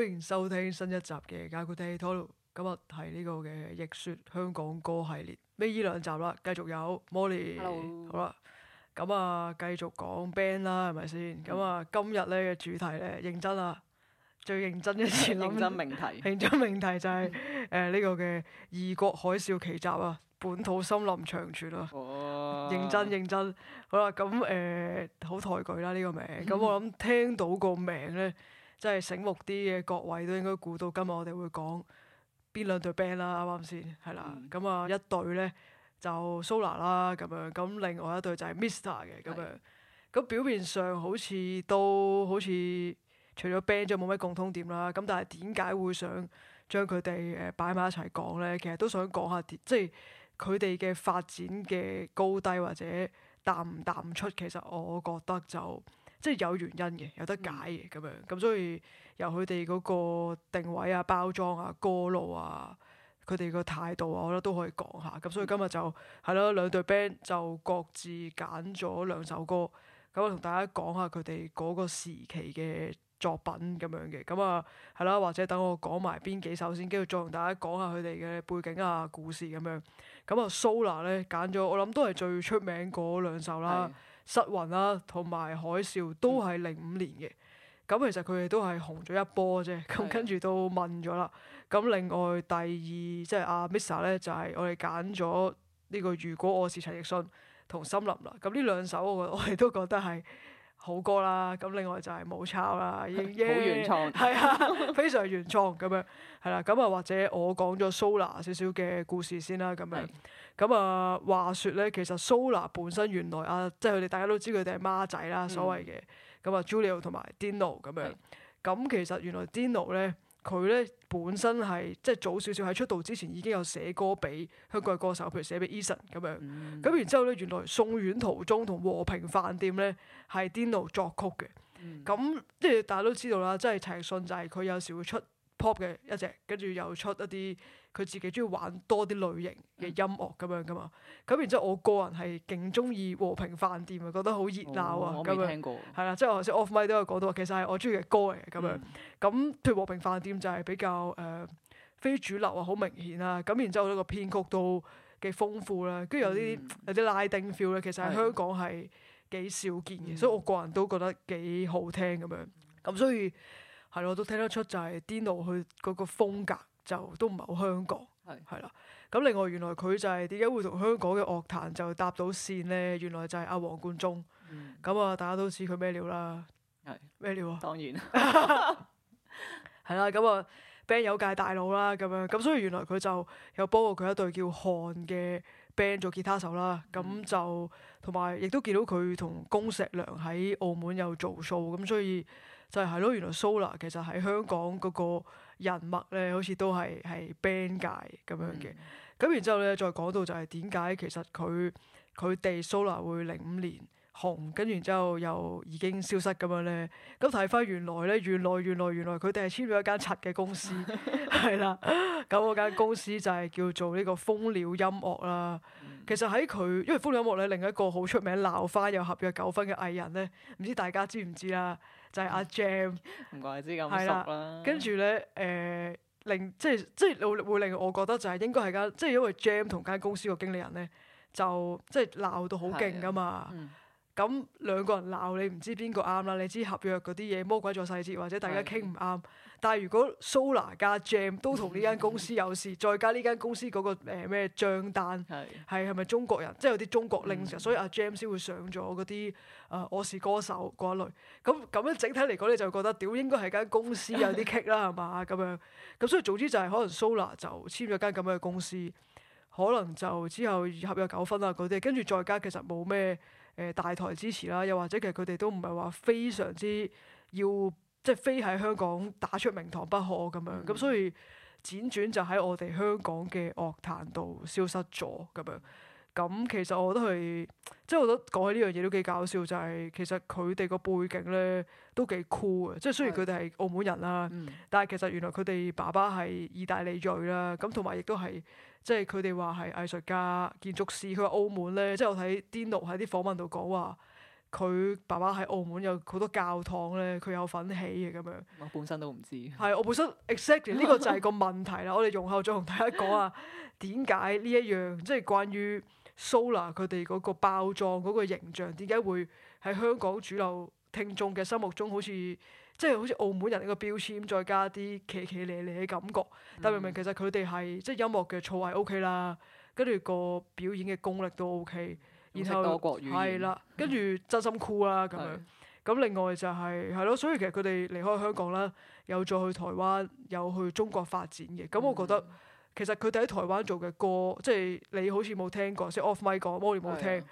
歡迎收聽新一集嘅《解酷聽》討論，今日係呢個嘅《逆說香港歌》系列，咩依兩集啦？繼續有 Molly，Hello. 好啦，咁啊，繼續講 band 啦，係咪先？咁、嗯、啊，今日咧嘅主題咧，認真啊，最認真一次諗， 認真命題，認真命題就係誒呢個嘅《異國海嘯奇襲》啊，《本土森林長存》啊，oh. 認真認真，好、啊呃、啦，咁誒，好抬舉啦呢個名，咁、 嗯、我諗聽到個名咧。即係醒目啲嘅各位都應該估到今日我哋會講邊兩隊 band 啦，啱唔啱先係啦。咁啊，一隊咧就 Soler 啦，咁樣咁另外一隊就係 Mister 嘅，咁樣咁、嗯、表面上好似都好似除咗 band 仲冇乜共通點啦咁，但係點解會想將佢哋誒擺埋一齊講咧？其實都想講下點即係佢哋嘅發展嘅高低或者淡唔淡出，其實我覺得就。即係有原因嘅，有得解嘅咁樣，咁所以由佢哋嗰個定位啊、包裝啊、歌路啊、佢哋個態度啊，我覺得都可以講下。咁所以今日就係咯，兩隊 band 就各自揀咗兩首歌，咁我同大家講下佢哋嗰個時期嘅作品咁樣嘅。咁啊係咯，或者等我講埋邊幾首先，跟住再同大家講下佢哋嘅背景啊、故事咁樣。咁啊，Soler 咧揀咗，我諗都係最出名嗰兩首啦。失魂啦，同埋、啊、海嘯都係零五年嘅，咁、嗯、其實佢哋都係紅咗一波啫，咁、嗯、跟住都問咗啦。咁是的 另外第二即係阿 Mr. 咧，就係、是、我哋揀咗呢個如果我是陳奕迅同森林啦。咁呢兩首我我哋都覺得係。好歌啦，咁另外就係冇抄啦，已經好原創，係啊，非常原創咁樣，係啦，咁啊或者我講咗 Soler 少少嘅故事先啦，咁樣，咁啊是話說咧，其實 Soler 本身原來啊，即係佢哋大家都知佢哋係孖仔啦，所謂嘅，咁啊 Julio 同埋 Dino 咁樣，咁是其實原來 Dino 咧。佢咧本身係即係早少少喺出道之前已經有寫歌俾香港嘅歌手，譬如寫俾 Eason 咁樣。咁、嗯、然之後咧，原來《送院途中》同《和平飯店》呢咧係 Dino 作曲嘅。咁即係大家都知道啦，即係陳奕迅就係佢有時會出。pop 嘅一隻，跟住又出一啲佢自己中意玩多啲類型嘅音樂咁樣噶嘛，咁、嗯、然之後我個人係勁中意和平飯店啊，覺得好熱鬧啊，咁、哦、樣係啦、嗯，即係我頭先 off mic 都有講到其實係我中意嘅歌嚟，咁樣咁譬如、嗯、和平飯店就係比較誒、呃、非主流啊，好明顯啦，咁、嗯、然之後呢個編曲都幾豐富啦，跟住有啲、嗯、有啲拉丁 feel 咧，其實喺香港係幾少見嘅，嗯嗯、所以我個人都覺得幾好聽咁樣，咁所以。係咯，我都聽得出就係 Dino，佢嗰個風格就都唔係好香港對，係 啦。咁另外，原來佢就係點解會同香港嘅樂壇就搭到線咧？原來就係阿黃貫中，咁、嗯、啊、嗯，大家都知佢咩料啦，係咩料啊？當然，係、 嗯、啦。咁啊，band 友界大佬啦，咁樣咁，所以原來佢就有幫過佢一對叫漢嘅 band 做吉他手啦、嗯。咁就同埋亦都見到佢同龔石良喺澳門有做數，咁所以。就係係咯，原來 Sola 其實喺香港嗰個人物咧，好似都係係 band 界咁樣嘅。咁、嗯、然之後咧，再講到就係點解其實佢佢哋 Sola 會零五年紅，跟住然之後又，又已經消失咁樣咧。咁睇翻原來咧，原來原來原來佢哋係簽咗一間柒嘅公司，係啦。 咁嗰間公司就係叫做呢個蜂鳥音樂啦。嗯、其實喺佢，因為蜂鳥音樂咧，另一個好出名鬧翻有合約糾紛嘅藝人咧，唔知大家知唔知啦？就係阿 Jam，唔怪之咁的熟啦。跟住咧，誒、呃、令即係即係會會令我覺得就係應該係間，即係因為 Jam 同間公司個經理人咧，就即係鬧到好勁噶嘛。咁兩個人鬧你唔知邊個啱啦，你知合約嗰啲嘢魔鬼在細節，或者大家傾唔啱。但係如果 Soler 加 Gem 都同呢間公司有事，再加呢間公司嗰個誒咩帳單係係咪中國人，即係有啲中國領事，所以阿 Gem 先會上咗嗰啲誒我是歌手嗰類。咁咁樣整體嚟講咧，你就覺得屌應該係間公司有啲棘啦，係嘛咁樣。咁所以總之就係可能 Soler 就簽咗間咁樣嘅公司，可能就之後合約糾紛啊嗰啲，跟住再加其實冇咩。誒、呃、大台支持啦，又或者其實佢哋都唔係話非常之要，即係非喺香港打出名堂不可咁樣，咁、嗯、所以輾轉就喺我哋香港嘅樂壇度消失咗咁樣。咁其實我覺得係，即係我覺得講起呢樣嘢都幾搞笑，就係、是、其實佢哋個背景咧都幾酷嘅，即係雖然佢哋係澳門人啦，嗯、但係其實原來佢哋爸爸係意大利裔啦，咁同埋亦都係，即係佢哋話係藝術家、建築師。佢話澳門咧，即係我睇 Dino 喺啲訪問度講話，佢爸爸喺澳門有好多教堂咧，佢有份起嘅咁樣。我本身都唔知，係我本身 exactly 呢個就係個問題啦。 我哋容後再同大家講下點解呢一樣即係關於。Soler 佢哋嗰個包裝嗰個形象點解會喺香港主流聽眾嘅心目中好似即係好似澳門人一個標籤，再加啲騎騎呢呢嘅感覺？嗯、但明明其實佢哋係即係音樂嘅造詣 O K 啦，跟住個表演嘅功力都 O、OK, K，然後係、嗯、啦，跟住真心 cool 啦咁樣。咁是的 另外就係係咯，所以其實佢哋離開香港啦，有再去台灣，有去中國發展嘅。咁我覺得。嗯其實佢哋喺台灣做嘅歌，即係你好似冇聽過，即係《Off My God》我你冇聽，的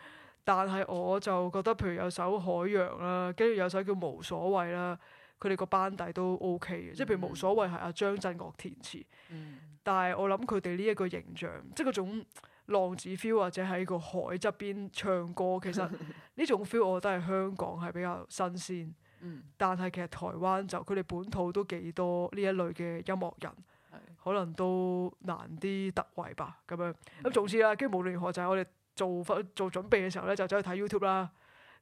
但係我就覺得，譬如有首《海洋》啦，跟住有首叫《無所謂》啦，佢哋個班底都 O K 嘅，即係譬如《無所謂》係阿張震嶽填詞，嗯、但係我諗佢哋呢一個形象，即係嗰種浪子 feel 或者喺個海側邊唱歌，其實呢種 feel 我覺得係香港係比較新鮮，嗯、但係其實台灣就佢哋本土都幾多呢一類嘅音樂人。可能都難啲突圍吧咁樣。咁總之啦，跟住無論如何就係、是、我哋做做準備嘅時候咧，就走去睇 YouTube 啦。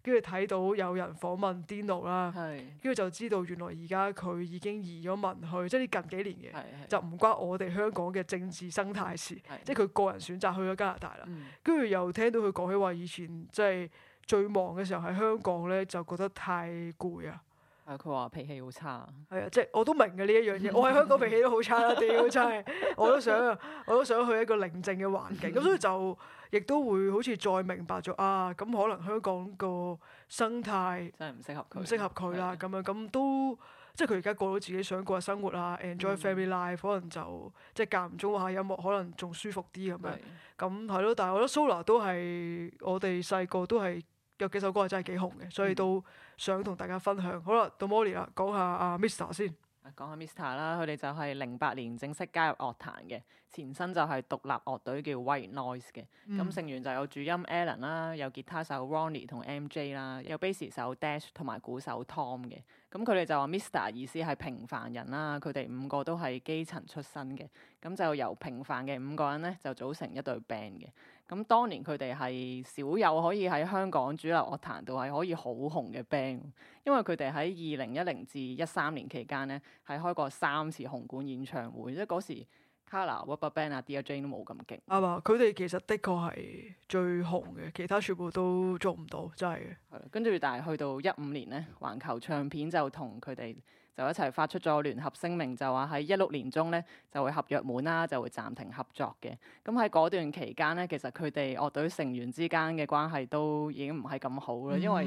跟住睇到有人訪問 Dino 啦，跟住是就知道原來而家佢已經移咗民去，即係啲近幾年嘅，是是就唔關我哋香港嘅政治生態事。的即係佢個人選擇去咗加拿大啦。跟住、嗯、又聽到佢講起話，以前即係、就是、最忙嘅時候喺香港咧，就覺得太攰啊。誒佢話脾氣好差，係啊，即係我都明嘅呢一樣嘢。我喺香港脾氣都好差啦，屌 真係，我都想啊，我都想去一個寧靜嘅環境。咁、嗯、所以就亦都會好似再明白咗啊，咁可能香港個生態真係唔適合佢，唔適合佢啦。咁啊的，咁都即係佢而家過到自己想過嘅生活啊，enjoy family life、嗯、可能就即係間唔中玩下音樂，可能仲舒服啲咁的樣。咁係咯，但係我覺得 Sola 都係我哋細個都係。有幾首歌真係幾紅嘅，所以都想同大家分享。嗯、好先啦，到 Molly 啦，講下阿 Mr 先。講下 Mr 啦，佢哋就係零八年正式加入樂壇嘅，前身就係獨立樂隊叫 White Noise 嘅。咁、嗯、成員就有主音 Alan 啦，有吉他手 Ronnie 同 MJ 啦，有 Bass 手 Dash 同埋鼓手 Tom 嘅。咁佢哋就話 Mr 意思係平凡人啦。佢哋五個都係基層出身嘅，咁就由平凡嘅五個人咧就組成一隊 band 嘅。咁當年佢哋係少有可以喺香港主流樂壇度係可以好紅嘅 band，因為佢哋喺二零一零至一三年期間咧，係開過三次紅館演唱會，即係嗰時 Kolor、RubberBand 啊、DJ 都冇咁勁。啊嘛，佢哋其實的確係最紅嘅，其他全部都做唔到，真係。係，跟住但係去到一五年咧，環球唱片就同佢哋，就一齊發出咗聯合聲明，就話喺一六年中咧就會合約滿啦，就會暫停合作嘅。咁喺嗰段期間咧，其實佢哋樂隊成員之間嘅關係都已經唔係咁好啦，嗯、因為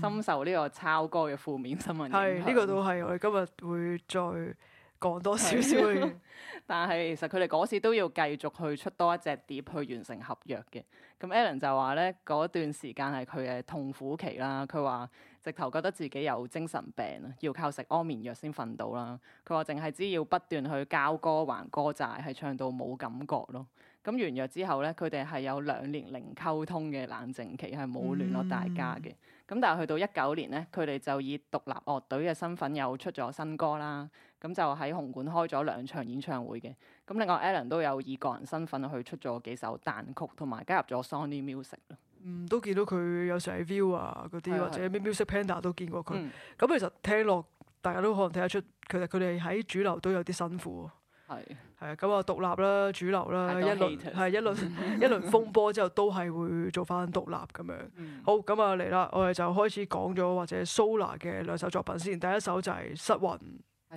深受呢個抄歌嘅負面新聞影響。係呢個都係我哋今日會再講多少少。但係其實佢哋嗰時都要繼續去出多一隻碟去完成合約嘅。咁 Allen 就話咧，嗰段時間係佢嘅痛苦期啦。佢話。直頭覺得自己有精神病啊，要靠食安眠藥先瞓到啦。佢話淨係知要不斷去交歌還歌債，係、就是、唱到冇感覺咯。咁完約之後咧，佢哋係有兩年零溝通嘅冷靜期，係冇聯絡大家嘅。咁、嗯、但係去到一九年咧，佢哋就以獨立樂隊嘅身份又出咗新歌啦。咁就喺紅館開咗兩場演唱會嘅。咁另外 Alan 都有以個人身份去出咗幾首單曲，同埋加入咗 Sony Music。嗯，都見到佢有時 view 啊，嗰啲是或者 Music Panda 都見過佢。咁、嗯、其實聽落，大家都可能睇得出，其實佢哋喺主流都有啲辛苦。係，係啊，咁啊獨立啦，主流啦，一輪係 him. 一輪 一輪風波之後，都係會做翻獨立咁樣。嗯、好，咁啊嚟啦，我哋就開始講咗或者蘇娜嘅兩首作品先。第一首就係失魂。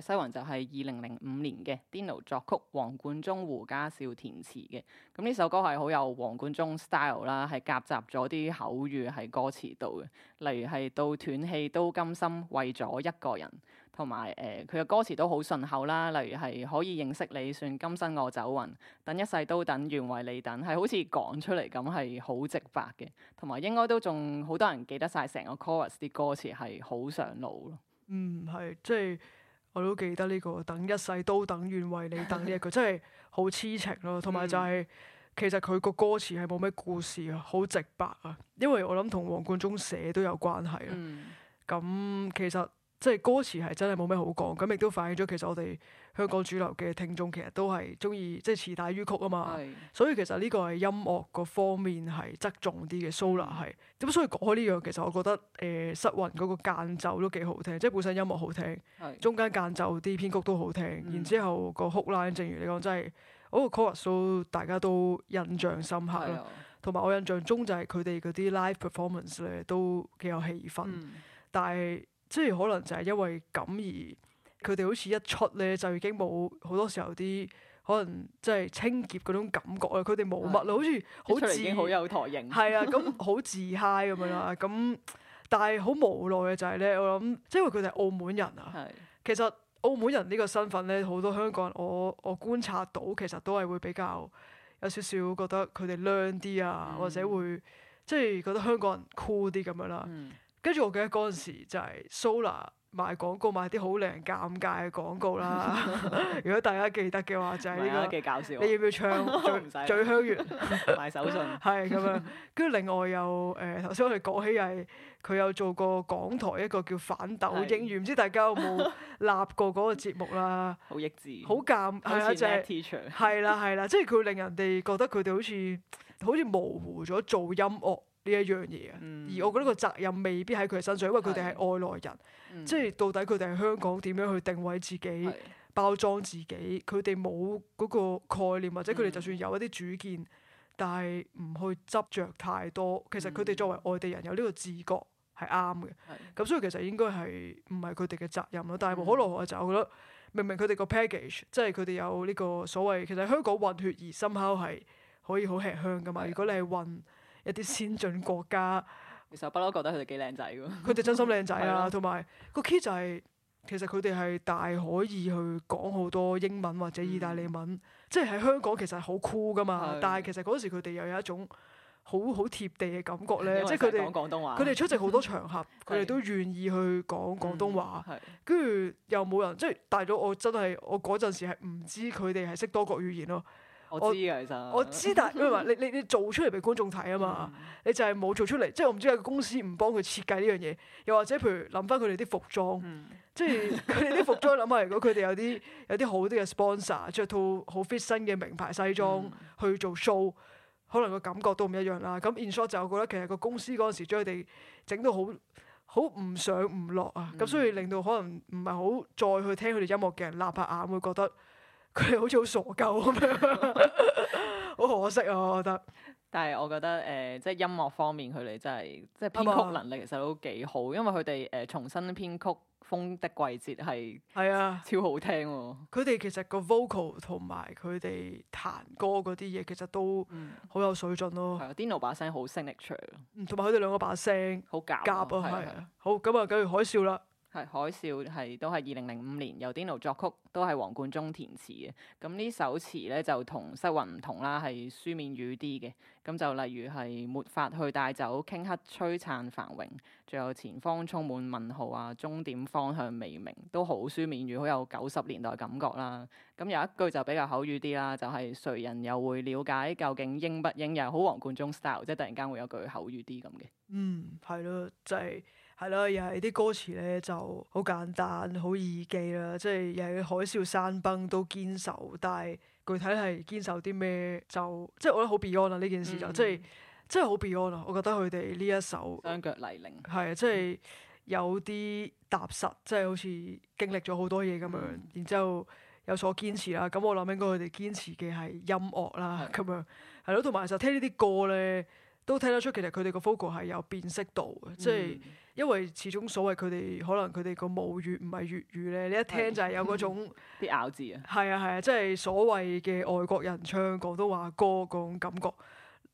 《西雲》就係二零零五年嘅 Dino 作曲，黃貫中、胡家少填詞嘅。咁呢首歌係好有黃貫中 style 啦，係夾雜咗啲口語喺歌詞度嘅，例如係到斷氣都甘心為咗一個人，同埋誒佢嘅歌詞都好順口啦。例如係可以認識你，算今生我走運，等一世都等願為你等，係好似講出嚟，咁係好直白嘅，同埋應該都仲好多人記得晒成個 chorus 啲歌詞係好上腦咯。嗯，係即係。我都記得呢、這個等一世都等願為你等呢一句，真係好痴情咯、啊。同埋就係、是、其實佢個歌詞係冇咩故事啊，好直白啊。因為我諗同黃貫中寫都有關係啦、啊。咁其實即係歌詞係真係冇咩好講，咁亦都反映咗其實我哋。香港主流嘅聽眾其實都係中意即係詞帶於曲啊嘛，是所以其實呢個係音樂個方面係側重啲嘅 solo 係。點解、嗯、所以講開呢樣？其實我覺得誒、呃、失魂嗰個間奏都幾好聽，即係本身音樂好聽，是中間間奏啲編曲都好聽。嗯、然之後個哭 e 正如你講，真係嗰、那個 chorus 大家都印象深刻啦。同埋、嗯、我印象中就係佢哋嗰啲 live performance 咧都幾有氣氛，嗯、但係即係可能就係因為咁而。佢哋好似一出咧，就已經冇好多時候啲可能即係清潔嗰種感覺啦。佢哋冇乜，啦的，好似好自然，係啊，咁 好自 high 咁樣啦。咁但係好無奈嘅就係咧，我諗即係因為佢哋係澳門人啊。的其實澳門人呢個身份咧，好多香港人我我觀察到，其實都係會比較有少少覺得佢哋靚啲啊，嗯、或者會即係、就是、覺得香港人酷啲咁樣啦。跟住、嗯、我記得嗰陣時就係 Soler。賣廣告賣啲好令人尷尬嘅廣告啦，如果大家記得嘅話就係呢個，你要唔要唱醉香園賣手信？係咁樣，跟住另外又誒頭先我哋講起係佢有做過港台一個叫反斗英語，唔知大家有冇立過嗰個節目啦？好益智，好尷係啊，就係係啦係啦，啦，啦，即係佢令人哋覺得佢哋好似好似模糊咗做音樂，呢一樣嘢啊！嗯、而我覺得個責任未必喺佢哋身上，因為佢哋係外來人，嗯、即係到底佢哋係香港點樣去定位自己、嗯、包裝自己？佢哋冇嗰個概念，或者佢哋就算有一啲主見，嗯、但係唔去執着太多。其實佢哋作為外地人有呢個自覺係啱嘅。咁、嗯、所以其實應該係唔係佢哋嘅責任咯？嗯、但係無可奈何就係我覺得明明佢哋個 package 即係佢哋有呢個所謂，其實香港混血兒心口係可以好吃香㗎嘛。嗯、如果你係混。 一啲先進國家，其實我不嬲覺得佢哋幾靚仔喎。佢哋真心靚仔啊，同埋個 key 就係其實佢哋係大可以去講好多英文或者意大利文，嗯、即係喺香港其實好酷 o 噶嘛。是的 但係其實嗰時佢哋又有一種好好貼地嘅感覺咧，即係佢哋講廣東話。佢哋出席好多場合，佢哋是的 都願意去講廣東話。跟住是的、嗯、又冇人，即係大咗我真係我嗰陣時係唔知佢哋係識多國語言咯。我知㗎，其實 我，我知，但因為你你你做出嚟俾觀眾睇啊嘛，嗯、你就係冇做出嚟。即、就、係、是、我唔知個公司唔幫佢設計呢樣嘢，又或者譬如諗翻佢哋啲服裝，即係佢哋啲服裝諗下， 如果佢哋有啲有啲好啲嘅 sponsor，着套好 fit 身嘅名牌西裝、嗯、去做 show，可能個感覺都唔一樣啦。咁 in short 就我覺得其實個公司嗰陣時將佢哋整到好好唔上唔落啊，咁、嗯、所以令到可能唔係好再去聽佢哋音樂嘅人擸下眼會覺得。佢哋好似好傻鳩咁樣，好 可惜啊！我覺得，但係我覺得誒、呃，即係音樂方面，佢哋真係即係編曲能力其實都幾好，吧因為佢哋誒重新編曲《風的季節》係係啊，超好聽、啊。佢哋其實個 vocal 同埋佢哋彈歌嗰啲嘢，其實都好有水準咯。係啊，Dino 把聲好聲力唱，嗯，同埋佢哋兩個把聲好夾啊，係啊。好咁啊，繼續、啊啊啊、海嘯啦。係海嘯，係都係二零零五年由 Dino 作曲，都係黃貫中填詞嘅。咁呢首詞咧就同失魂唔同啦，係書面語啲嘅。咁就例如係沒法去帶走，頃刻璀璨繁榮，最後前方充滿問號啊，終點方向未明，都好書面語，好有九十年代感覺啦。咁有一句就比較口語啲啦，就係、是、誰人又會了解究竟應不應？又好黃貫中 style，即係突然間會有句口語啲咁嘅。嗯，係咯，就係、是。係啦，又係啲歌詞咧就好簡單，好易記啦。即係又係海嘯山崩都堅守，但係具體係堅守啲咩就即係我覺得好 Beyond 啊！呢、嗯、件事就係嗯、即係即係好 Beyond 啊！我覺得佢哋呢一首雙腳犁領係啊，即、就、係、係、有啲踏實，即係好似經歷咗好多嘢咁樣，嗯、然之後有所堅持啦。咁我諗應該佢哋堅持嘅係音樂啦，咁是的 樣係咯。同埋就聽呢啲歌咧，都聽得出其實佢哋個 focus 係有辨識度嘅，即係。嗯嗯因為始終所謂佢哋可能佢哋個母語唔係粵語咧，你一聽就係有嗰種啲咬字啊，係啊係啊，即係所謂嘅外國人唱廣東話歌嗰種感覺。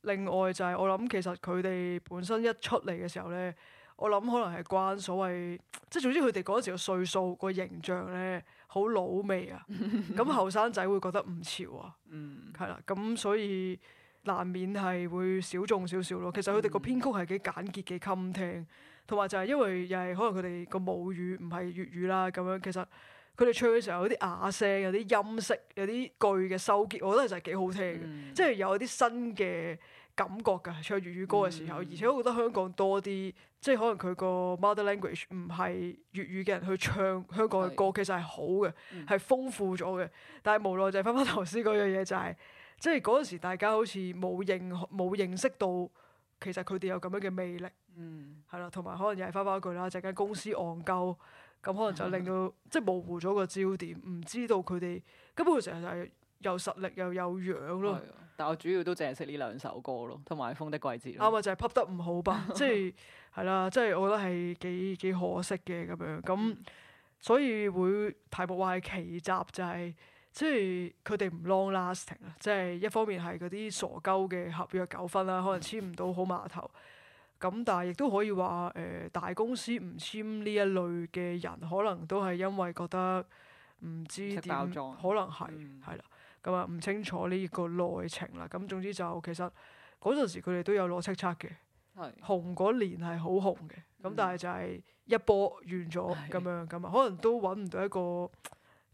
另外就係、是、我諗，其實佢哋本身一出嚟嘅時候咧，我諗可能係關所謂即係總之佢哋嗰陣時嘅歲數個形象咧，好老味啊。咁後生仔會覺得唔潮啊，係啦、 啊。咁所以難免係會少眾少少咯。其實佢哋個編曲係幾簡潔嘅，襟聽。同埋就係因為又係可能佢哋個母語唔係粵語啦，咁樣其實佢哋唱嘅時候有啲啞聲，有啲音色，有啲句嘅收結，我覺得就係幾好聽嘅，嗯、即係有啲新嘅感覺㗎，唱粵語歌嘅時候。嗯、而且我覺得香港多啲，即係可能佢個 mother language 唔係粵語嘅人去唱香港嘅歌，其實係好嘅，係是豐富咗嘅。嗯、但係無奈就係返返頭先嗰樣嘢，就係即係嗰陣時大家好似冇認冇認識到。其實佢哋有咁樣嘅魅力，係啦、嗯，同埋可能又係翻返嗰句啦，整間公司戇鳩，咁可能就令到 即係模糊咗個焦點，唔知道佢哋根本成日係有實力又有樣咯。但我主要都淨係識呢兩首歌咯，同埋《風的季節》。啱啊，就係 pop 得唔好吧？ 即係係啦，即係我覺得係幾幾可惜嘅咁樣咁，所以會題目話係奇襲就係。即係佢哋唔 long lasting 啊！即係一方面係嗰啲傻鳩嘅合約糾紛啦，可能簽唔到好碼頭。咁但係亦都可以話誒、呃，大公司唔簽呢一類嘅人，可能都係因為覺得唔知點，可能係係啦，咁啊唔清楚呢個內情啦。咁總之就其實嗰陣時佢哋都有攞叱咤嘅，係的紅嗰年係好紅嘅。咁但係就係一波完咗咁的樣咁啊，可能都揾唔到一個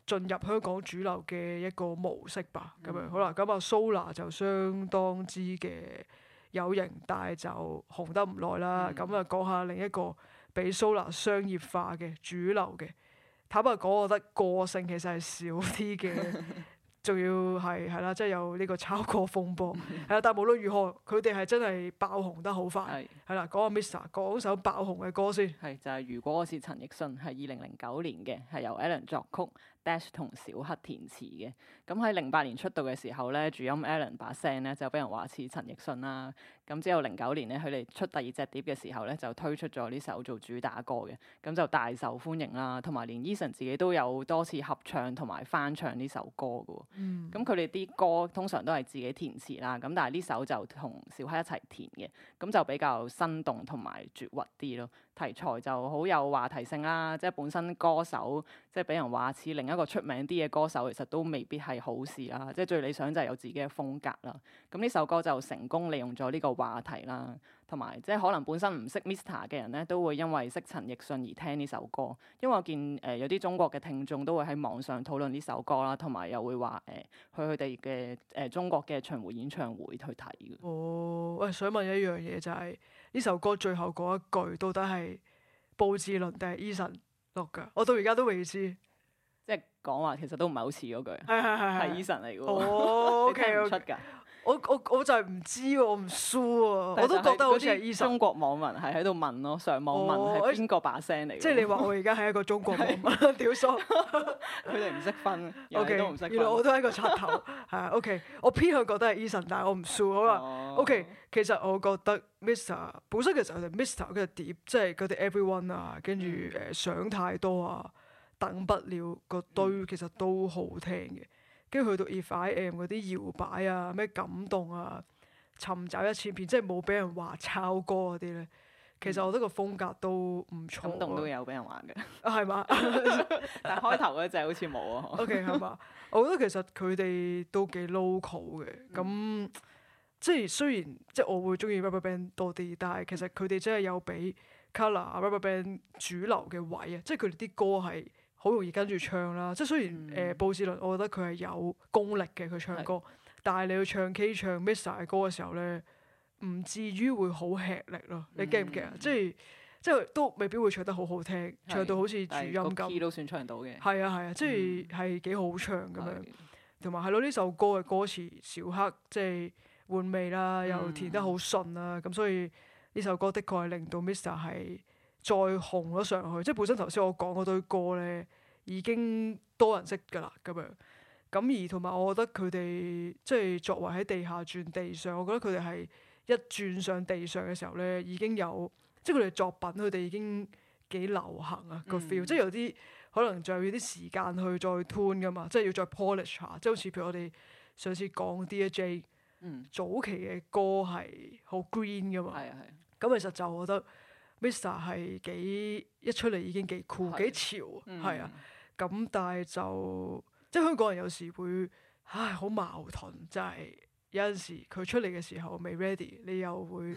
進入香港主流嘅一個模式吧，咁樣、mm. 好啦。咁啊，Soler 就相當之嘅有型，但係就紅得唔耐啦。咁啊，講下另一個比 Soler 商業化嘅主流嘅，坦白講，我覺得個性其實係少啲嘅。 仲要係係啦，即係有呢個炒過風波，係啦，但無論如何，佢哋係真係爆紅得好快，係啦。 講下 Mr. 講首爆紅嘅歌先，係就係、是、如果我是陳奕迅，係二零零九年嘅，係由 Alan 作曲，Dash 同小黑填詞嘅。咁喺零八年出道嘅時候咧，主音 Alan 把聲咧就俾人話似陳奕迅啦。咁之後零九年咧，佢哋出第二隻碟嘅時候咧，就推出咗呢首做主打歌嘅，咁就大受歡迎啦。同埋連 Eason 自己都有多次合唱同埋翻唱呢首歌嘅。嗯。咁佢哋啲歌通常都係自己填詞啦，咁但係呢首就同小黑一齊填嘅，咁就比較生動同埋絕核啲咯。題材就好有話題性啦，即係本身歌手即係俾人話似另一個出名啲嘅歌手，其實都未必係好事啦。即係最理想就係有自己嘅風格啦，咁呢首歌就成功利用咗呢個話題啦，同埋即係可能本身唔識 Mr. 嘅人咧，都會因為識陳奕迅而聽呢首歌，因為我見誒、呃、有啲中國嘅聽眾都會喺網上討論呢首歌啦，同埋又會話誒、呃、去佢哋嘅誒中國嘅巡迴演唱會去睇嘅。哦，喂、呃，想問一樣嘢就係、是、呢首歌最後嗰一句到底係布志綸定係 Eason 落嘅？我到而家都未知，即係講話其實都唔係好似嗰句係 Eason 嚟嘅。o k OK。 我我我就係唔知喎，唔 sure 喎，對我都覺得好似係 Eason。中國網民係喺度問咯，上網問係邊個把聲嚟、哦？即係你話我而家係一個中國網民，屌疏，佢哋唔識分，okay, 人都唔識分，原來我都係一個插頭。係、 啊、，OK，我偏向覺得係 Eason，但係我唔 sure。好啦、oh.，OK，其實我覺得 Mister 本身其實佢哋 Mister 嘅碟，即係嗰啲 Everyone 啊，跟住誒想太多啊，等不了、那個堆，其實都好聽嘅。跟住去到《If I Am》嗰啲搖擺啊，咩感動啊，尋找一千遍，即係冇俾人話抄歌嗰啲咧。嗯、其實我覺得個風格都唔錯。感動都有俾人玩嘅，係嘛？但係開頭咧就好似冇啊。OK 係嘛？ 我覺得其實佢哋都幾 local 嘅。咁、嗯、即係雖然即係我會中意 RubberBand 多啲，但係其實佢哋真係有俾 Colour RubberBand 主流嘅位啊！即係佢哋啲歌係。好容易跟住唱啦，即係雖然誒、嗯呃、布志綸，我覺得佢係有功力嘅，佢唱歌，是但係你要唱 K 唱 Mr. 嘅歌嘅時候咧，唔至於會好吃力咯。你驚唔驚？即係即係都未必會唱得好好聽，是唱到好似主音咁，都算唱到嘅。係啊係啊，啊嗯、即係係幾好唱咁樣，同埋係咯呢首歌嘅歌詞，小克即係換味啦，又填得好順啦、啊，咁、嗯、所以呢首歌的確係令到 Mr. 係。再紅咗上去，即係本身頭先我講嗰堆歌咧，已經多人識㗎啦，咁樣。咁而同埋我覺得佢哋即係作為喺地下轉地上，我覺得佢哋係一轉上地上嘅時候咧，已經有即係佢哋作品，佢哋已經幾流行啊個 feel。feel，嗯、即係有啲可能就要啲時間去再 tune 㗎嘛，即係要再 polish 下。即係好似譬如我哋上次講 DJ，嗯，早期嘅歌係好 green 㗎嘛。係咁、嗯嗯、其實就我覺得。Visa 係幾一出嚟已經幾酷幾潮，係啊！咁但係就即係香港人有時會唉好矛盾，就係、是、有陣時佢出嚟嘅時候未 ready，你又會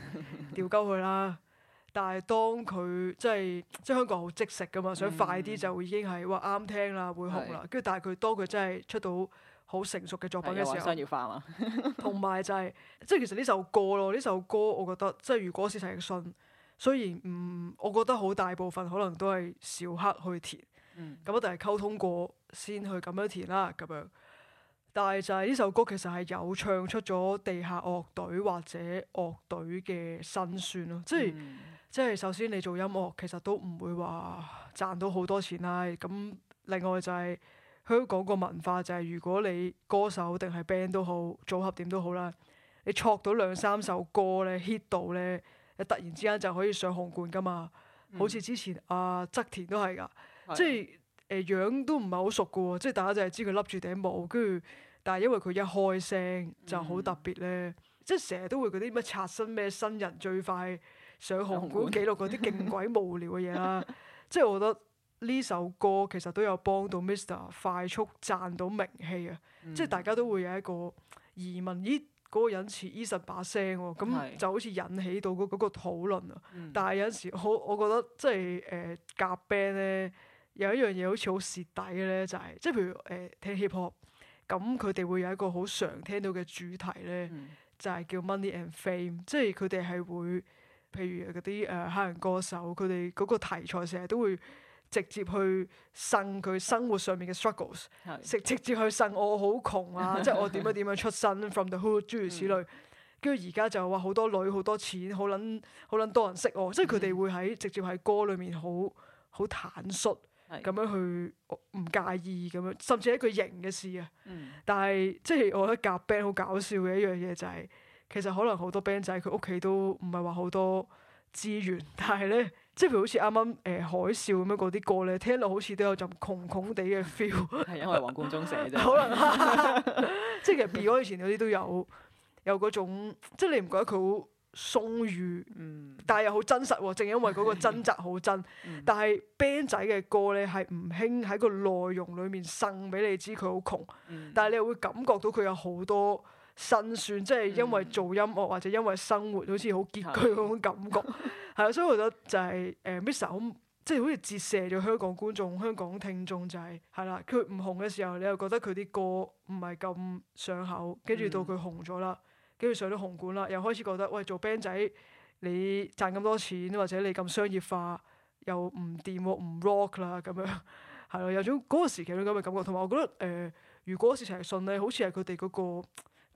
掉鳩佢啦。 但係當佢即係即係香港好即食㗎嘛，想快啲就已經係哇啱聽啦，會紅啦。跟住的但係佢當佢真係出到好成熟嘅作品嘅時候，商業化。同 埋就係、是、即係其實呢首歌咯，呢首歌我覺得即係如果係陳奕迅。雖然唔、嗯，我覺得好大部分可能都係小黑去填，咁、嗯、一定係溝通過先去咁樣填啦咁樣。但係就係呢首歌其實係有唱出咗地下樂隊或者樂隊嘅辛酸咯。即係、嗯、即係首先你做音樂其實都唔會話賺到好多錢啦。咁另外就係香港個文化就係、是、如果你歌手定係 band 都好，組合點都好啦，你 chock 到兩三首歌咧 hit 到咧。突然之間就可以上紅館噶嘛？嗯、好似之前阿側、呃、田是的、呃、都係噶，即係誒樣都唔係好熟噶喎，即係大家就係知佢笠住頂帽，跟住但係因為佢一開聲就好特別咧，嗯、即係成日都會嗰啲咩刷新咩新人最快上紅館記錄嗰啲勁鬼無聊嘅嘢啦。嗯、 即係我覺得呢首歌其實都有幫到 Mr. 快速賺到名氣啊！嗯、即係大家都會有一個疑問，咦？嗰個引詞 Eason 把聲喎，咁就好似引起到嗰、那、嗰、個那個討論啊。嗯、但係有陣時，我我覺得即係誒、呃、夾 band 咧，有一樣嘢好似好蝕底咧，就係、是、即係譬如誒、呃、聽 hip hop，咁佢哋會有一個好常聽到嘅主題咧，嗯、就係叫 money and fame，即係佢哋係會，譬如嗰啲誒黑人歌手，佢哋嗰個題材成日都會。直接去呻佢生活上面嘅 struggles，直的直接去呻我好窮啊， 即係我點樣點樣出身 from the hood 諸如此類。跟住而家就話好多女好多錢，好捻好捻多人識我，嗯、即係佢哋會喺直接喺歌裏面好好坦率咁樣去唔的介意咁樣，甚至係一個型嘅事啊。嗯、但係即係我覺得夾 band 好搞笑嘅一樣嘢就係、是，其實可能好多 band 仔佢屋企都唔係話好多資源，但係咧。即係譬如好似啱啱誒海嘯咁樣嗰啲歌咧，聽落好似都有陣窮窮地嘅 feel。係 因為黃貫中寫嘅啫，可能即係其實 B 哥以前嗰啲都有有嗰種，即係你唔覺得佢好鬆裕，嗯、但係又好真實喎、哦。正因為嗰個掙扎好真，嗯、但係 band 仔嘅歌咧係唔興喺個內容裏面呻俾你知佢好窮，嗯、但係你又會感覺到佢有好多。辛酸，即係因為做音樂、嗯、或者因為生活好似好拮據嗰種感覺，係啊對， 所以我覺得就係誒 Mr. 好即係好似折射咗香港觀眾、香港聽眾就係係啦，佢唔紅嘅時候你又覺得佢啲歌唔係咁上口，跟住到佢紅咗啦，跟住、嗯、上咗紅館啦，又開始覺得喂，做 band 仔你賺咁多錢或者你咁商業化又唔掂喎，唔 rock 啦咁樣，係咯，有種嗰個時期都咁嘅感覺。同埋我覺得誒、呃，如果事情係順利，好似係佢哋嗰個。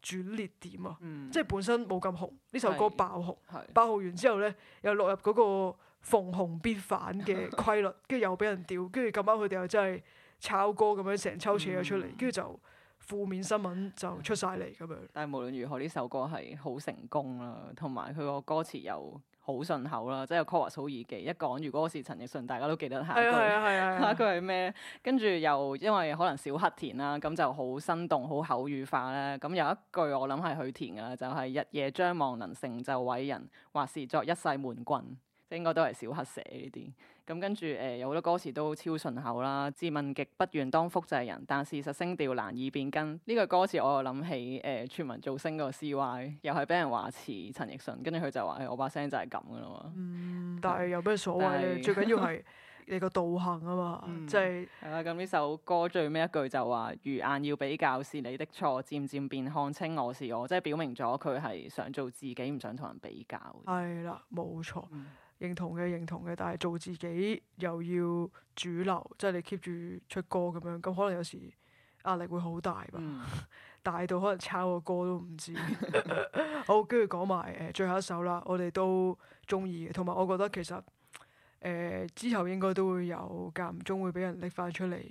轉捩點啊，嗯、即係本身冇咁紅，呢首歌爆紅，爆紅完之後咧，又落入嗰個逢紅必反嘅規律，跟住 又俾人屌，跟住咁啱佢哋又真係抄歌咁樣成抽扯出嚟，跟住、嗯、就負面新聞就出晒嚟咁樣。嗯、但係無論如何，呢 首歌係好成功啦，同埋佢個歌詞又。好順口啦，即係 chorus 好易記。一講如果我是陳奕迅，大家都記得下一句。下一句係咩？跟住、啊啊啊、又因為可能小黑填啦，咁就好生動、好口語化咧。咁有一句我諗係佢填㗎，就係、是、日夜張望能成就偉人，或是作一世悶棍，應該都係小黑寫呢啲。咁跟住誒、呃，有好多歌詞都超順口啦。自問極不願當複製人，但事實聲調難以變更。呢、這個歌詞我又諗起誒、呃，全民造星個 C.Y. 又係俾人話似陳奕迅，跟住佢就話、哎：我把聲就係咁噶啦嘛。但係有咩所謂？最緊要係你個道行啊嘛，即係係啦。咁呢首歌最尾一句就話：如硬要比較是你的錯，漸漸變看清我是我，即、就、係、是、表明咗佢係想做自己，唔想同人比較。係啦，冇錯。認同嘅，認同嘅，但係做自己又要主流，即係你 keep 住出歌咁樣，咁可能有時壓力會好大吧，mm. 大到可能抄個歌都唔知。 好，跟住講埋誒最後一首啦，我哋都鍾意嘅，同埋我覺得其實誒、呃、之後應該都會有間唔中會俾人拎翻出嚟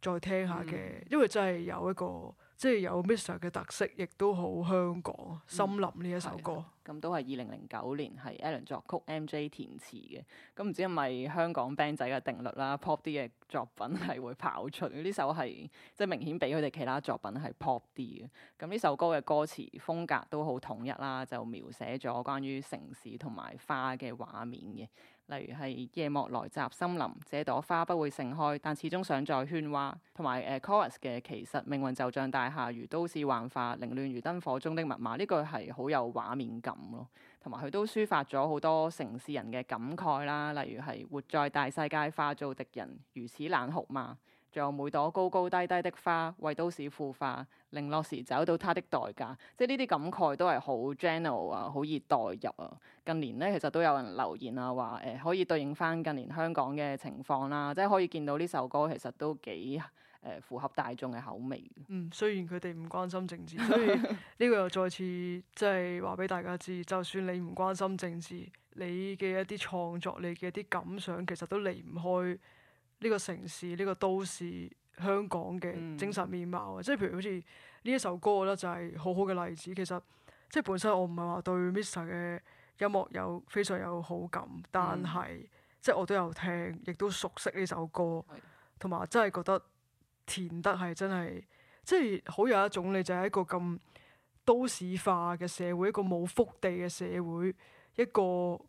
再聽下嘅，mm. 因為真係有一個。即係有 Mr. 嘅特色，亦都好香港。嗯、森林呢一首歌，咁都係二零零九年係 Alan 作曲、MJ 填詞嘅。咁唔知係咪香港 band 仔嘅定律啦？Pop 啲嘅作品係會跑出，呢首係即係明顯比佢哋其他作品係 Pop 啲嘅。咁呢首歌嘅歌詞風格都好統一啦，就描寫咗關於城市同埋花嘅畫面嘅。例如係夜幕來襲森林，這朵花不會盛開，但始終想再喧嘩。同埋誒 chorus 嘅其實命運就像大廈，如都市幻化，凌亂如燈火中的密碼。呢句係好有畫面感咯。同埋佢都抒發咗好多城市人嘅感慨啦。例如係活在大世界化做敵人，如此冷酷嘛。仲有每朵高高低低的花，為都市腐化，零落時找到它的代價。即係呢啲感慨都係好 general 啊，好易代入啊。近年咧，其實都有人留言啊，話、呃、誒可以對應翻近年香港嘅情況啦。即係可以見到呢首歌其實都幾誒、呃、符合大眾嘅口味。嗯，雖然佢哋唔關心政治，所以呢個又再次即係話俾大家知， 就算你唔關心政治，你嘅一啲創作，你嘅一啲感想，其實都離唔開。呢個城市、呢、這個都市香港嘅精神面貌啊，嗯、即係譬如好似呢一首歌，我覺得就係好好嘅例子。其實即係本身我唔係話對 Mr. 嘅音樂有非常有好感，但係、嗯、即係我都有聽，亦都熟悉呢首歌，同埋的真係覺得填得係真係即係好有一種你就係一個咁都市化嘅社會，一個冇福地嘅社會，一個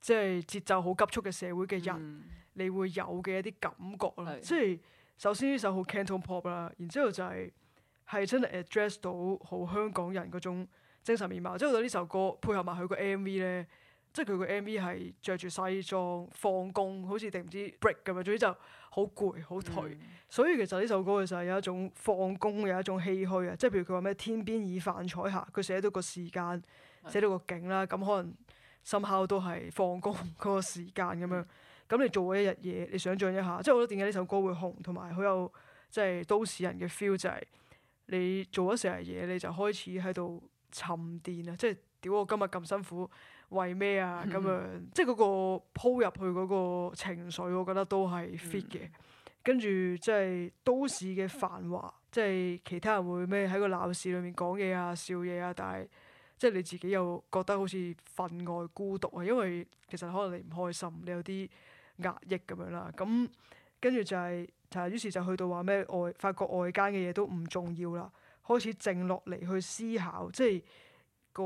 即係節奏好急速嘅社會嘅人。嗯你會有嘅一啲感覺啦，是即係首先呢首好 Canton Pop 啦，然之後就係、是、係真係 address 到好香港人嗰種精神面貌。即係我覺得呢首歌配合埋佢個 MV 咧，即係佢個 MV 係着住西裝放工，好似定唔知 break 咁樣，總之就好攰好頹。嗯、所以其實呢首歌其實有一種放工，有一種唏噓啊。即係譬如佢話咩天邊已泛彩霞，佢寫到個時間，寫到個景啦，咁是可能心口都係放工嗰個時間咁樣。嗯 咁你做咗一日嘢，你想像一下，即係我覺得點解呢首歌會紅，同埋好有即係都市人嘅 feel，就係你做咗成日嘢，你就開始喺度沉澱啊！即係屌我今日咁辛苦，為咩啊？咁樣，嗯、即係嗰個鋪入去嗰個情緒，我覺得都係 fit 嘅。跟住即係都市嘅繁華，嗯、即係其他人會咩喺個鬧市裏面講嘢啊、笑嘢啊，但係即係你自己又覺得好似分外孤獨啊，因為其實可能你唔開心，你有啲。壓抑咁樣啦，咁跟住就係、是，就係於是就去到話咩外，發覺外間嘅嘢都唔重要啦，開始靜落嚟去思考，即係個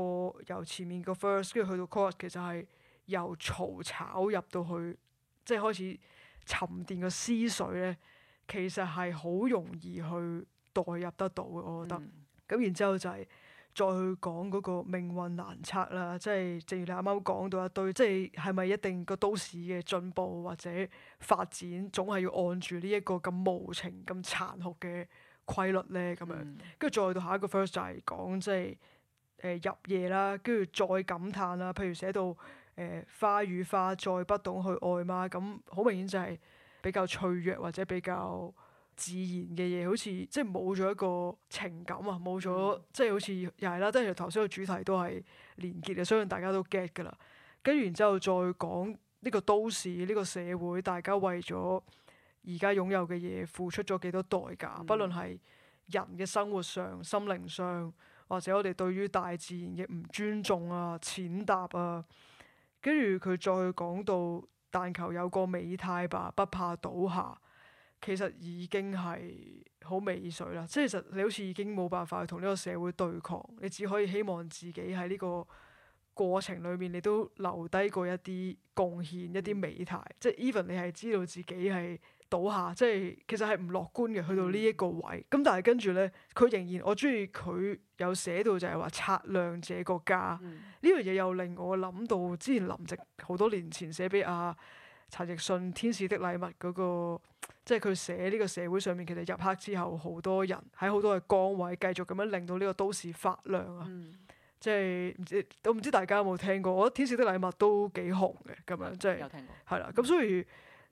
由前面個 first 跟住去到 c o u r u s 其實係由嘈吵入到去，即係開始沉澱個思緒咧，其實係好容易去代入得到嘅，我覺得。咁、嗯、然之後就係、是。再去講嗰個命運難測啦，即係正如你啱啱講到啊，對，即係係咪一定個都市嘅進步或者發展總係要按住呢一個咁無情、咁殘酷嘅規律咧？咁樣，跟住、嗯、再到下一個 first 就係講即係誒入夜啦，跟住再感嘆啦，譬如寫到誒、呃、花與花再不懂去愛嗎？咁好明顯就係比較脆弱或者比較。自然嘅嘢，好似即係冇咗一個情感啊，冇咗、嗯、即係好似又係啦，即係頭先個主題都係連結啊，相信大家都 get 噶啦。跟住然之後再講呢個都市呢、這個社會，大家為咗而家擁有嘅嘢付出咗幾多代價，嗯、不論係人嘅生活上、心靈上，或者我哋對於大自然嘅唔尊重啊、踐踏啊。跟住佢再講到，但求有個美態吧，不怕倒下。其實已經係好尾水啦，即係其實你好似已經冇辦法去同呢個社會對抗，你只可以希望自己喺呢個過程裏面，你都留低過一啲貢獻、一啲美態。嗯、即係 even 你係知道自己係倒下，即係其實係唔樂觀嘅，去到呢一個位。咁但係跟住咧，佢仍然我中意佢有寫到就係話擦亮這個家呢樣嘢，又令我諗到之前林夕好多年前寫俾阿、啊、陳奕迅《天使的禮物》那嗰個。即係佢寫呢個社會上面其實入黑之後，好多人喺好多嘅崗位繼續咁樣令到呢個都市發亮啊！嗯、即係我唔知，都唔知大家有冇聽過，我覺得《天使的禮物》都幾紅嘅咁樣，有即係係啦。咁所以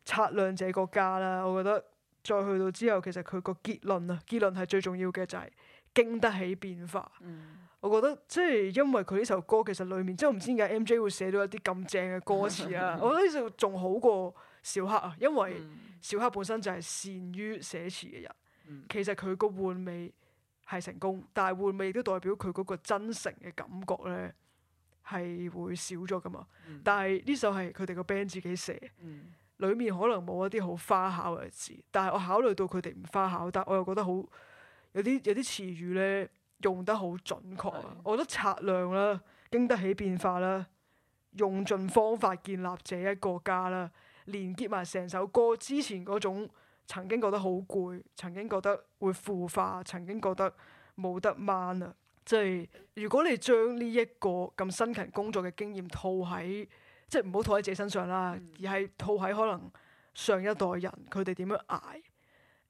擦亮這個家啦，我覺得再去到之後，其實佢個結論啊，結論係最重要嘅、就係，就係經得起變化。嗯、我覺得即係因為佢呢首歌其實裡面，即係我唔知點解 MJ 會寫到一啲咁正嘅歌詞啊！ 我覺得呢首仲好過。小黑啊，因為小黑本身就係善於寫詞嘅人。嗯、其實佢個換味係成功，但係換味都代表佢嗰個真誠嘅感覺咧係會少咗噶嘛。嗯、但係呢首係佢哋個 band 自己寫，裏、嗯、面可能冇一啲好花巧嘅字。但係我考慮到佢哋唔花巧，但係我又覺得好有啲有啲詞語咧用得好準確。嗯、我覺得擦亮啦，經得起變化啦，用盡方法建立這一個家啦。連結埋成首歌之前嗰種曾經覺得好攰，曾經覺得會腐化，曾經覺得冇得掹啦。即係如果你將呢一個咁辛勤工作嘅經驗套喺，即係唔好套喺自己身上啦，嗯，而係套喺可能上一代人佢哋點樣捱？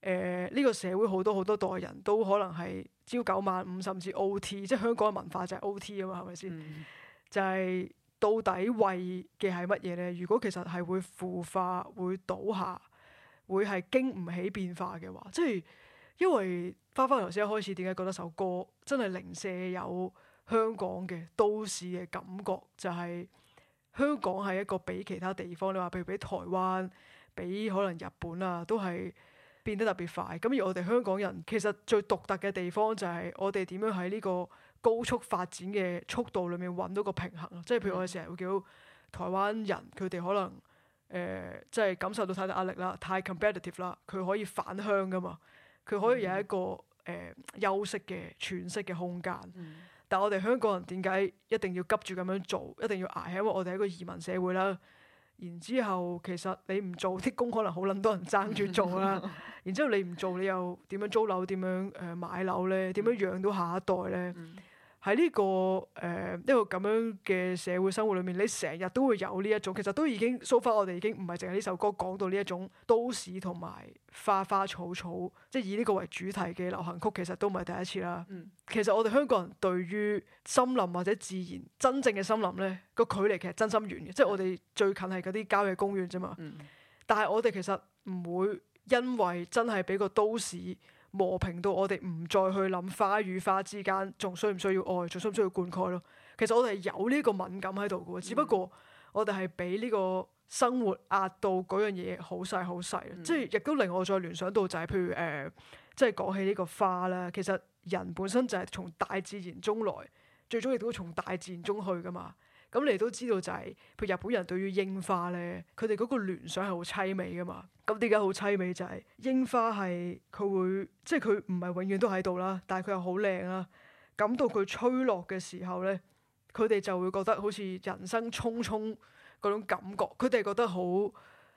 誒呢個社會好多好多代人都可能係朝九晚五，甚至 O.T.，即係香港嘅文化就係 O.T. 啊嘛，係咪先？就係。到底為嘅係乜嘢咧？如果其實係會腐化、會倒下、會係經唔起變化嘅話，即係因為花花頭先一開始點解覺得首歌真係零舍有香港嘅都市嘅感覺，就係香港係一個比其他地方，你話譬如比台灣、比可能日本啊，都係變得特別快。咁而我哋香港人其實最獨特嘅地方就係我哋點樣喺呢個。高速發展嘅速度裏面揾到個平衡啊！即係譬如我成日會叫台灣人，佢哋可能誒、呃、即係感受到太大壓力啦，太 competitive 啦。佢可以返鄉㗎嘛？佢可以有一個誒、嗯呃、休息嘅喘息嘅空間。嗯、但係我哋香港人點解一定要急住咁樣做？一定要捱係因為我哋係一個移民社會啦。然之後其實你唔做啲工，可能好撚多人爭住做啦。嗯、然之後你唔做，你又點樣租樓？點樣誒、呃、買樓咧？點樣養到下一代咧？嗯嗯喺呢、呢個誒一、呃呢個咁樣嘅社會生活裏面，你成日都會有呢一種，其實都已經 so far，我哋已經唔係淨係呢首歌講到呢一種都市同埋花花草草，即係以呢個為主題嘅流行曲，其實都唔係第一次啦。嗯、其實我哋香港人對於森林或者自然真正嘅森林咧，個距離其實真心遠嘅，嗯、即係我哋最近係嗰啲郊野公園啫嘛。嗯、但係我哋其實唔會因為真係俾個都市，磨平到我哋唔再去諗花與花之間仲需唔需要愛，仲需唔需要灌溉咯。其實我哋係有呢個敏感喺度㗎喎。嗯、只不過我哋係俾呢個生活壓到嗰樣嘢好細好細，嗯、即係亦都令我再聯想到就係，譬如誒、呃，即係講起呢個花啦，其實人本身就係從大自然中來，最終亦都從大自然中去噶嘛。咁你都知道就係、是，譬如日本人對於櫻花咧，佢哋嗰個聯想係好凄美噶嘛。咁點解好凄美就係、是、櫻花係佢會，即係佢唔係永遠都喺度啦，但係佢又好靚啦。咁到佢吹落嘅時候咧，佢哋就會覺得好似人生匆匆嗰種感覺。佢哋覺得好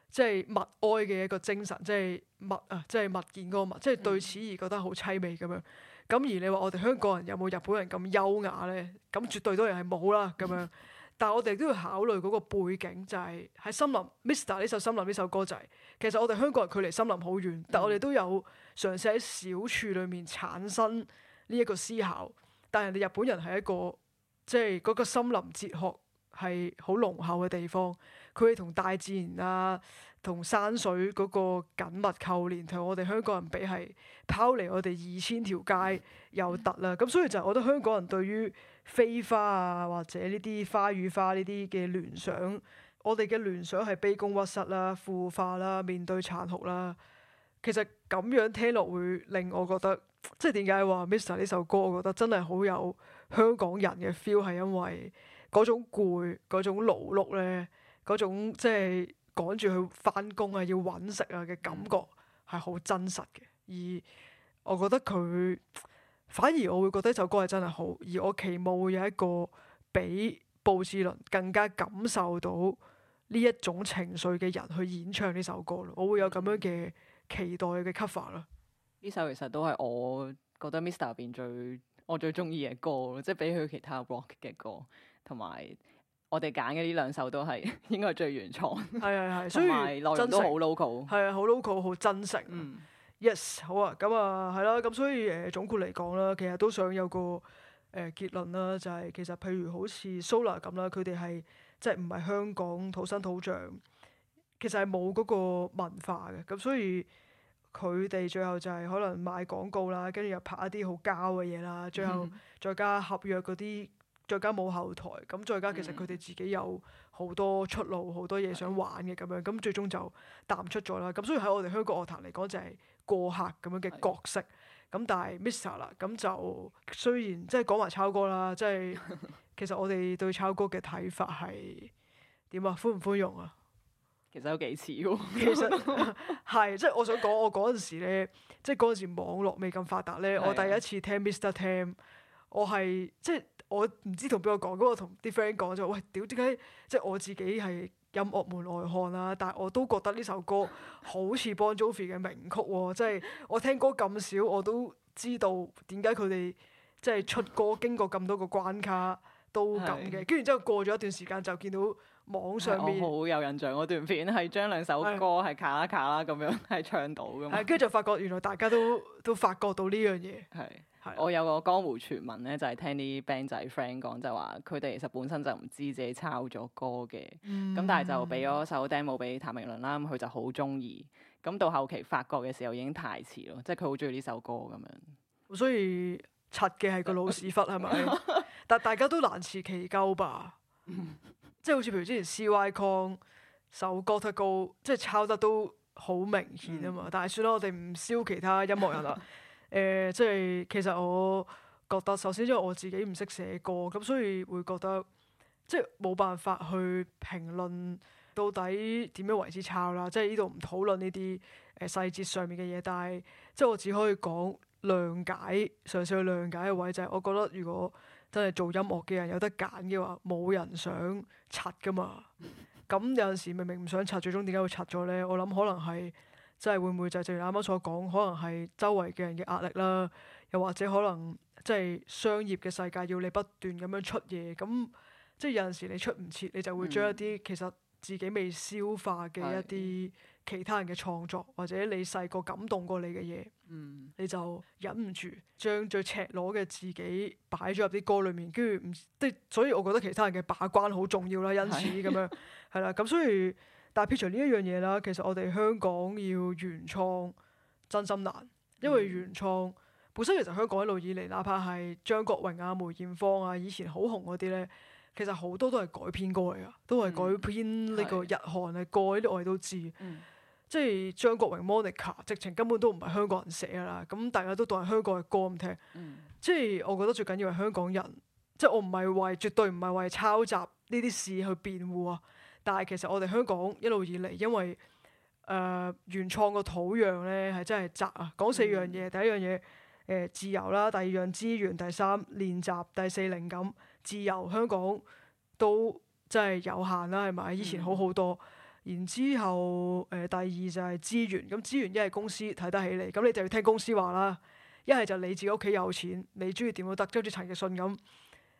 即係物哀嘅一個精神，即、就、係、是、物啊，即、就、係、是、物件嗰個物，即、就、係、是、對此而覺得好凄美咁樣。咁而你話我哋香港人有冇日本人咁優雅咧？咁絕對多人係冇啦咁樣。但係我哋都要考慮嗰個背景，就係、是、喺森林 Mr. 呢首森林呢首歌就係、是，其實我哋香港人距離森林好遠，但我哋都有嘗試喺小處裡面產生呢一個思考。但係人哋日本人係一個即係嗰個森林哲學係好濃厚嘅地方，佢哋同大自然啊、同山水嗰個緊密扣連，同我哋香港人比係拋離我哋二千條街又得啦。咁所以就係我覺得香港人對於，飛花啊，或者呢啲花與花呢啲嘅聯想，我哋嘅聯想係卑躬屈膝啦、啊、腐化啦、啊、面對殘酷啦、啊。其實咁樣聽落會令我覺得，即係點解話 Mr. 呢首歌，我覺得真係好有香港人嘅 feel，係因為嗰種攰、嗰種勞碌咧、嗰種即係趕住去翻工啊、要揾食啊嘅感覺係好真實嘅。而我覺得佢。反而我會覺得呢首歌係真係好，而我期望會有一個比布志綸更加感受到呢一種情緒嘅人去演唱呢首歌咯，我會有咁樣嘅期待嘅 cover 啦。呢首其實都係我覺得 Mr. 入邊最我最中意嘅歌咯，即係比佢其他 rock 嘅歌，同埋我哋揀嘅呢兩首都係應該係最原創，係係係，同埋真係好 local，係啊，好 local，好真誠，嗯。Yes，好啊，咁、嗯、啊，係、嗯、啦，咁所以誒總括嚟講啦，其實都想有個誒結論啦，就係其實譬如好似 Solar 咁啦，佢哋係即係唔係香港土生土長，其實係冇嗰個文化嘅，咁所以佢哋最後就係可能賣廣告啦，跟住又拍一啲好膠嘅嘢啦，最後再加合約嗰啲。再加冇後台，咁再加其實佢哋自己有好多出路，好多嘢想玩嘅咁的樣，咁最終就淡出咗啦。咁所以喺我哋香港樂壇嚟講，就係過客咁樣嘅角色。咁的但係 Mr. 啦，咁就雖然即係講埋抄歌啦，即係其實我哋對抄歌嘅睇法係點啊？寬唔寬容啊？其實有幾似喎。其實係即係我想講，我嗰陣時咧，即係嗰陣時網絡未咁發達咧，的我第一次聽 Mr. Tim，我係即係。我唔知同邊個講，咁我同啲 friend 講咗。喂，屌點解即係我自己係音樂門外漢啦？但係我都覺得呢首歌好似 Bon Jovi 嘅名曲喎！即係我聽歌咁少，我都知道點解佢哋即係出歌經過咁多個關卡都咁嘅。跟住之後過咗一段時間，就見到網上面好有印象嗰段片，係將兩首歌係卡啦卡啦咁樣係唱到咁。係跟住就發覺原來大家都都發覺到呢樣嘢。係。我有個江湖傳聞咧，就係、是、聽啲 band 仔 friend 講，就話佢哋其實本身就唔知自己抄咗歌嘅，咁、嗯、但係就俾咗首《demo》俾譚詠麟啦，咁佢就好中意，咁到後期發覺嘅時候已經太遲咯，即係佢好中意呢首歌咁樣。所以柒嘅係個老屎忽係咪？但大家都難辭其咎吧？ 即係好似譬如之前 C.Y. Kong 首《God Too High》，即係抄得都好明顯啊嘛。嗯、但係算啦，我哋唔燒其他音樂人啦。誒、呃，即係其實我覺得，首先因為我自己唔識寫歌，咁所以會覺得即係冇辦法去評論到底點樣為之抄啦。即係呢度唔討論呢啲誒細節上面嘅嘢，但係即係我只可以講，諒解，嘗試去諒解嘅位就係我覺得，如果真係做音樂嘅人有得揀嘅話，冇人想拆㗎嘛。咁有陣時明明唔想拆，最終點解會拆咗咧？我諗可能係。即係會唔會就係正如啱啱所講，可能係周圍嘅人嘅壓力啦，又或者可能即係商業嘅世界要你不斷咁樣出嘢，咁即係有陣時你出唔切，你就會將一啲其實自己未消化嘅一啲其他人嘅創作，嗯、或者你細個感動過你嘅嘢，嗯、你就忍唔住將最赤裸嘅自己擺咗入啲歌裏面，跟住唔即係所以，我覺得其他人嘅把關好重要啦，因此咁樣係啦，咁、嗯、係 所以。但係撇除呢一樣嘢啦，其實我哋香港要原創真心難，因為原創本身其實香港一路以嚟，哪怕係張國榮啊、梅艷芳啊，以前好紅嗰啲咧，其實好多都係改編過嚟噶，都係改編呢個日韓嘅歌，呢啲、嗯、我哋都知，嗯、即係張國榮 Monica，直情根本都唔係香港人寫㗎啦，咁大家都當係香港嘅歌咁聽，嗯、即係我覺得最緊要係香港人，即係我唔係為，絕對唔係為抄襲呢啲事去辯護啊。但係其實我哋香港一路以嚟，因為誒、呃、原創個土壤咧係真係窄啊！講四樣嘢，嗯、第一樣嘢誒、呃、自由啦，第二樣資源，第三練習，第四靈感。自由香港都真係有限啦，係咪？以前好好多。嗯、然之後誒、呃、第二就係資源，咁資源一係公司睇得起你，咁你就要聽公司話啦。一係就你自己屋企有錢，你中意點都得，即好似陳奕迅咁。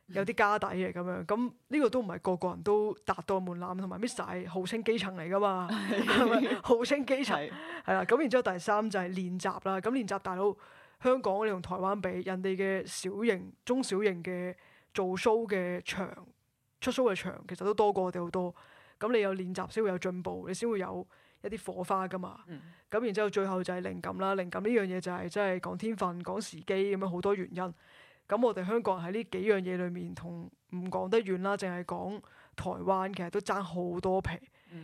有啲家底嘅，咁樣咁，呢個都唔係個個人都達到門檻，同埋 miss 曬，號稱基層嚟噶嘛，係咪？ 號稱基層係啦，咁然之後第三就係練習啦。咁練習大佬香港你同台灣比，人哋嘅小型，中小型嘅做 show 嘅場出 show 嘅場，其實都多過我哋好多。咁你有練習先會有進步，你先會有一啲火花噶嘛。咁、嗯、然之後最後就係靈感啦。靈感呢樣嘢就係真係講天分、講時機咁樣好多原因。咁我哋香港人喺呢幾樣嘢裏面同唔講得遠啦，淨係講台灣其實都爭好多皮。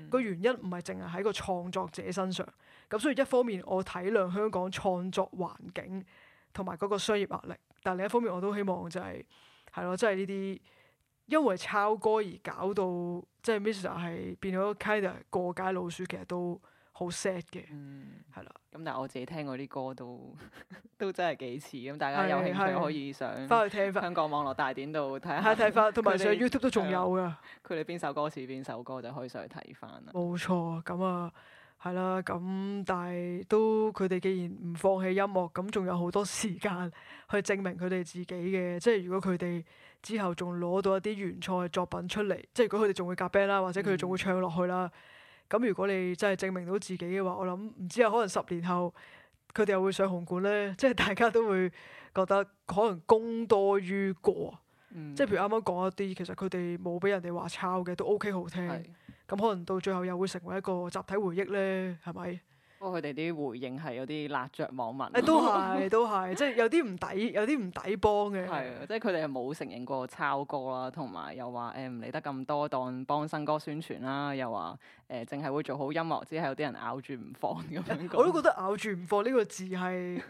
個、嗯、原因唔係淨係喺個創作者身上。咁所以一方面我體諒香港創作環境同埋嗰個商業壓力，但另一方面我都希望就係係咯，即係呢啲因為抄歌而搞到即係、就是、Mister 係變咗 k i d r 過街老鼠，其實都。好 sad 嘅，係啦。咁、嗯、的但係我自己聽嗰啲歌都都真係幾似咁，大家有興趣的可以上翻的去聽翻香港網絡大典度睇下睇翻，同埋們上 YouTube 都仲有噶。佢哋邊首歌似邊首歌，就可以上去睇翻啦。冇錯，咁啊，係啦。咁但係都佢哋既然唔放棄音樂，咁仲有好多時間去證明佢哋自己嘅。即係如果佢哋之後仲攞到一啲原創作品出嚟，即係如果佢哋仲會夾 band 啦，或者佢哋仲會唱落去啦。嗯咁如果你真係證明到自己嘅話，我諗唔知啊，可能十年後佢哋又會上紅館咧，即係大家都會覺得可能功多於過，嗯、即係譬如啱啱講一啲，其實佢哋冇俾人哋話抄嘅都 OK 好聽，咁是的、嗯、可能到最後又會成為一個集體回憶咧，係咪？不過佢哋啲回應係有啲辣着網民，誒都係都係， 即係有啲唔抵，有啲唔抵幫嘅。係啊，即係佢哋又冇承認過抄歌啦，同埋又話誒唔理得咁多，當幫新歌宣傳啦，又話誒淨係會做好音樂，只係有啲人咬住唔放咁樣講。我都覺得咬住唔放呢個字係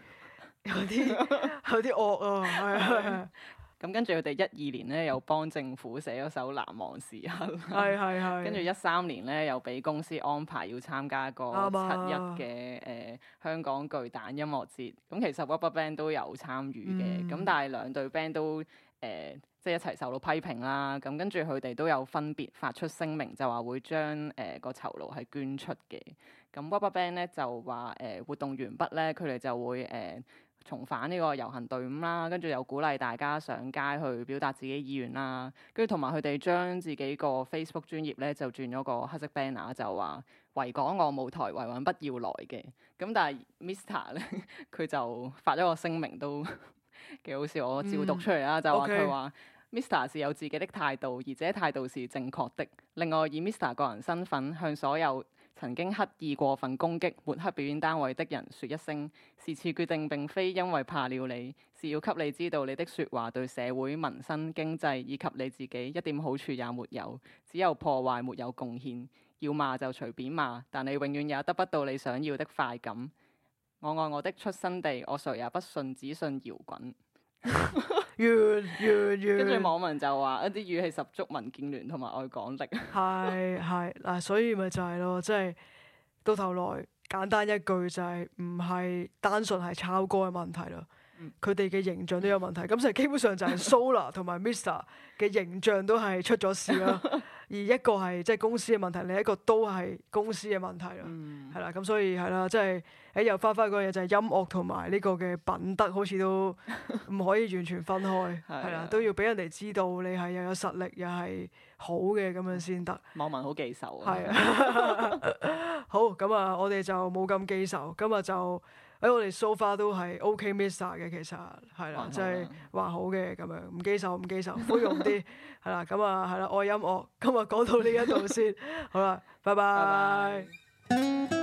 有啲 有啲惡啊！係啊。 咁跟住佢哋一二年咧，又幫政府寫咗首《難忘時刻》。係係係。跟住一三年咧，又俾公司安排要參加個七一嘅誒、啊吧 呃、香港巨蛋音樂節。咁、嗯嗯、其實 RubberBand 都有參與嘅。咁但係兩隊 band 都誒，即、呃、係、就是、一齊受到批評啦。咁跟住佢哋都有分別發出聲明就、呃那個出，就話會將誒個酬勞係捐出嘅。咁 RubberBand 咧就話誒活動完畢咧，佢哋就會誒。呃重返呢個遊行隊伍啦，跟住又鼓勵大家上街去表達自己意願啦，跟住同埋佢哋將自己個 Facebook 專頁咧就轉咗個黑色 banner，就話維港我舞台，維穩不要來嘅。咁但係 Mr 咧，佢就發咗個聲明都幾好笑，我照讀出嚟啦，嗯、就話佢話 Mr 是有自己的態度，而且態度是正確的。另外以 Mr 個人身份向所有。曾經刻意過分攻擊抹黑表演單位的人，說一聲，是次決定並非因為怕了你，是要給你知道你的說話對社會、民生、經濟以及你自己一點好處也沒有，只有破壞，沒有貢獻。要罵就隨便罵，但你永遠也得不到你想要的快感。我愛我的出生地，我誰也不信，只信搖滾。 越越越，跟住網民就話：一啲語氣十足，民建聯同埋愛港力。係係嗱，所以咪就係咯，即係到頭來簡單一句就係，唔係單純係抄歌嘅問題咯。佢哋嘅形象都有問題，咁就基本上就係 Solar 同埋 Mr 嘅形象都係出咗事啦。 而一個係即係公司嘅問題，另一個都係公司嘅問題啦。係啦、嗯，咁所以係啦，即係呃又翻翻嗰嘢就係音樂同埋呢個嘅品德好似都唔可以完全分開，係啦，都要俾人哋知道你係又有實力又係好嘅咁樣先得。網民好記仇啊！係啊，好咁啊，我哋就冇咁記仇，咁啊就。誒我哋 so far 都係 OK Mister 嘅其實係啦，就係話好嘅咁樣，唔記仇，唔記仇，寬容啲係啦，咁啊係啦，愛音樂，今日講到呢一度先， 好啦，拜拜。拜拜。